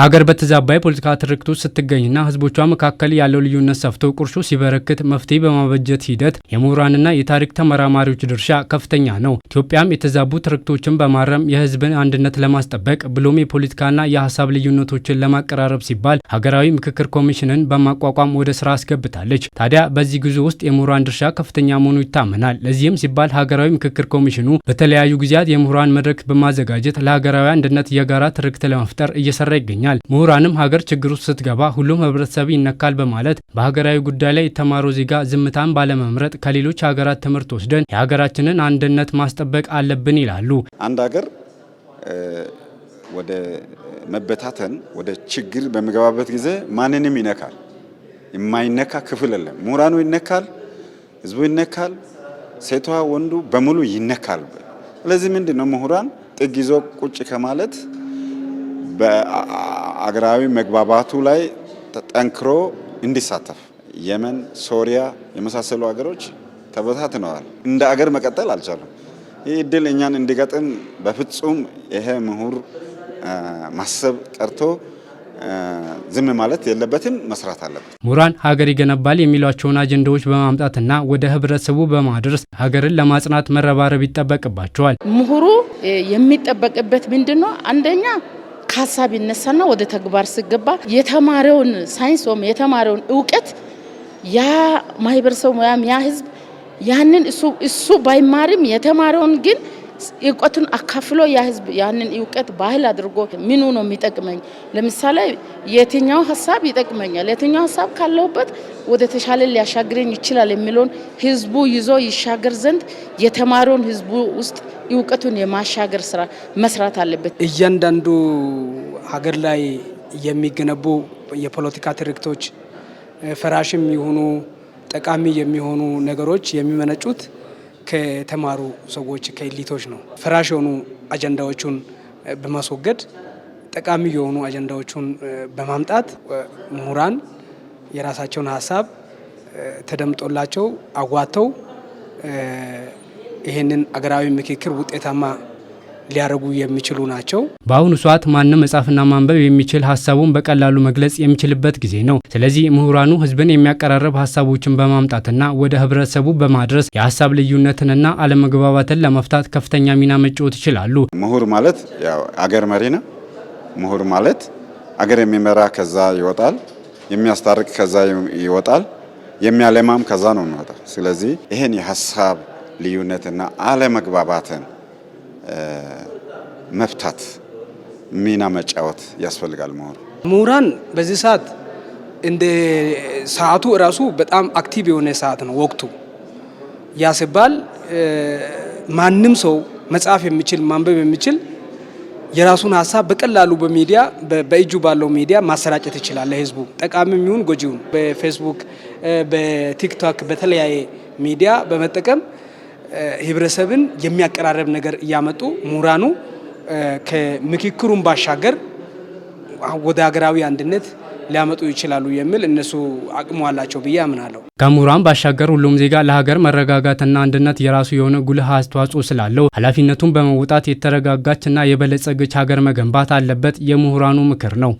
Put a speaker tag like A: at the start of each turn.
A: ሀገር በተዛባ የፖለቲካ ትርክት ውስጥ ስትገኝና ህዝቦቿ መካከል ያለው ልዩነት ሰፍቶ ቁርሾ ሲበረክት መፍትሄ በማበጀት ሂደት የምሁራንና የታሪክ ተመራማሪዎች ድርሻ ከፍተኛ ነው። ኢትዮጵያም የተዛቡ ትርክቶችን በማረም የህዝብን አንድነት ለማስጠበቅ ብሎም የፖለቲካና የሀሳብ ልዩነቶችን ለማቀራረብ ሲባል ሀገራዊ ምክክር ኮሚሽንን በማቋቋም ወደ ስራ አስገብታለች። ታዲያ በዚህ ጉዞ ውስጥ የምሁራን ድርሻ ከፍተኛ መሆኑ ይታመናል። ለዚህም ሲባል ሀገራዊ ምክክር ኮሚሽኑ በተለያዩ ጊዜያት የምሁራን መድረክ በማዘጋጀት ለሀገራዊ አንድነት የጋራ ትርክት ለመፍጠር እየሰራ ይገኛል። ይገኛል። ምሁራንም ሀገር ችግር ውስጥ ስትገባ ሁሉም ህብረተሰብ ይነካል በማለት በሀገራዊ ጉዳይ ላይ የተማረው ዜጋ ዝምታን ባለመምረጥ ከሌሎች ሀገራት ትምህርት ወስደን የሀገራችንን አንድነት ማስጠበቅ አለብን ይላሉ።
B: አንድ ሀገር ወደ መበታተን ወደ ችግር በሚገባበት ጊዜ ማንንም ይነካል። የማይነካ ክፍል የለም። ምሁራኑ ይነካል፣ ህዝቡ ይነካል፣ ሴቷ፣ ወንዱ በሙሉ ይነካል። ስለዚህ ምንድን ነው ምሁራን ጥግ ይዞ ቁጭ ከማለት በአገራዊ መግባባቱ ላይ ተጠንክሮ እንዲሳተፍ የመን፣ ሶሪያ የመሳሰሉ ሀገሮች ተበታትነዋል። እንደ አገር መቀጠል አልቻሉም። ይህ እድል እኛን እንዲገጥም በፍጹም ይሄ ምሁር ማሰብ ቀርቶ ዝም ማለት የለበትም፣ መስራት አለበት።
A: ምሁራን ሀገር ይገነባል የሚሏቸውን አጀንዳዎች በማምጣትና ወደ ህብረተሰቡ በማድረስ ሀገርን ለማጽናት መረባረብ ይጠበቅባቸዋል።
C: ምሁሩ የሚጠበቅበት ምንድን ነው? አንደኛ ከሀሳብ ይነሳና ወደ ተግባር ሲገባ የተማሪውን ሳይንስ ወይም የተማሪውን እውቀት ያ ማህበረሰብ ወይም ያ ህዝብ ያንን እሱ ባይማርም የተማሪውን ግን እውቀቱን አካፍሎ ያ ህዝብ ያንን እውቀት ባህል አድርጎ ምኑ ነው የሚጠቅመኝ? ለምሳሌ የትኛው ሀሳብ ይጠቅመኛል፣ የትኛው ሀሳብ ካለውበት ወደ ተሻለ ሊያሻግረኝ ይችላል የሚለውን ህዝቡ ይዞ ይሻገር ዘንድ የተማረውን ህዝቡ ውስጥ እውቀቱን የማሻገር ስራ መስራት አለበት።
D: እያንዳንዱ ሀገር ላይ የሚገነቡ የፖለቲካ ትርክቶች ፈራሽም የሆኑ ጠቃሚ የሚሆኑ ነገሮች የሚመነጩት ከተማሩ ሰዎች ከኤሊቶች ነው። ፈራሽ የሆኑ አጀንዳዎቹን በማስወገድ ጠቃሚ የሆኑ አጀንዳዎቹን በማምጣት ምሁራን የራሳቸውን ሀሳብ ተደምጦላቸው አዋተው ይህንን አገራዊ ምክክር ውጤታማ ሊያደርጉ የሚችሉ ናቸው።
A: በአሁኑ ሰዓት ማንም መጻፍና ማንበብ የሚችል ሀሳቡን በቀላሉ መግለጽ የሚችልበት ጊዜ ነው። ስለዚህ ምሁራኑ ህዝብን የሚያቀራረብ ሀሳቦችን በማምጣትና ወደ ህብረተሰቡ በማድረስ የሀሳብ ልዩነትንና አለመግባባትን ለመፍታት ከፍተኛ ሚና መጫወት ይችላሉ።
B: ምሁር ማለት አገር መሪ ነው። ምሁር ማለት አገር የሚመራ ከዛ ይወጣል፣ የሚያስታርቅ ከዛ ይወጣል፣ የሚያለማም ከዛ ነው የሚወጣ። ስለዚህ ይህን የሀሳብ ልዩነትና አለመግባባትን መፍታት ሚና መጫወት ያስፈልጋል። መሆኑ
D: ምሁራን በዚህ ሰዓት እንደ ሰዓቱ እራሱ በጣም አክቲቭ የሆነ ሰዓት ነው ወቅቱ። ያ ሲባል ማንም ሰው መጻፍ የሚችል ማንበብ የሚችል የራሱን ሀሳብ በቀላሉ በሚዲያ በእጁ ባለው ሚዲያ ማሰራጨት ይችላል። ለህዝቡ ጠቃሚ የሚሆን ጎጂውን በፌስቡክ፣ በቲክቶክ፣ በተለያየ ሚዲያ በመጠቀም ህብረተሰብን የሚያቀራረብ ነገር እያመጡ ምሁራኑ ከምክክሩን ባሻገር ወደ ሀገራዊ አንድነት ሊያመጡ ይችላሉ የሚል እነሱ አቅሙ አላቸው ብዬ አምናለሁ።
A: ከምሁራን ባሻገር ሁሉም ዜጋ ለሀገር መረጋጋትና አንድነት የራሱ የሆነ ጉልህ አስተዋጽኦ ስላለው ኃላፊነቱን በመውጣት የተረጋጋችና የበለጸገች ሀገር መገንባት አለበት የምሁራኑ ምክር ነው።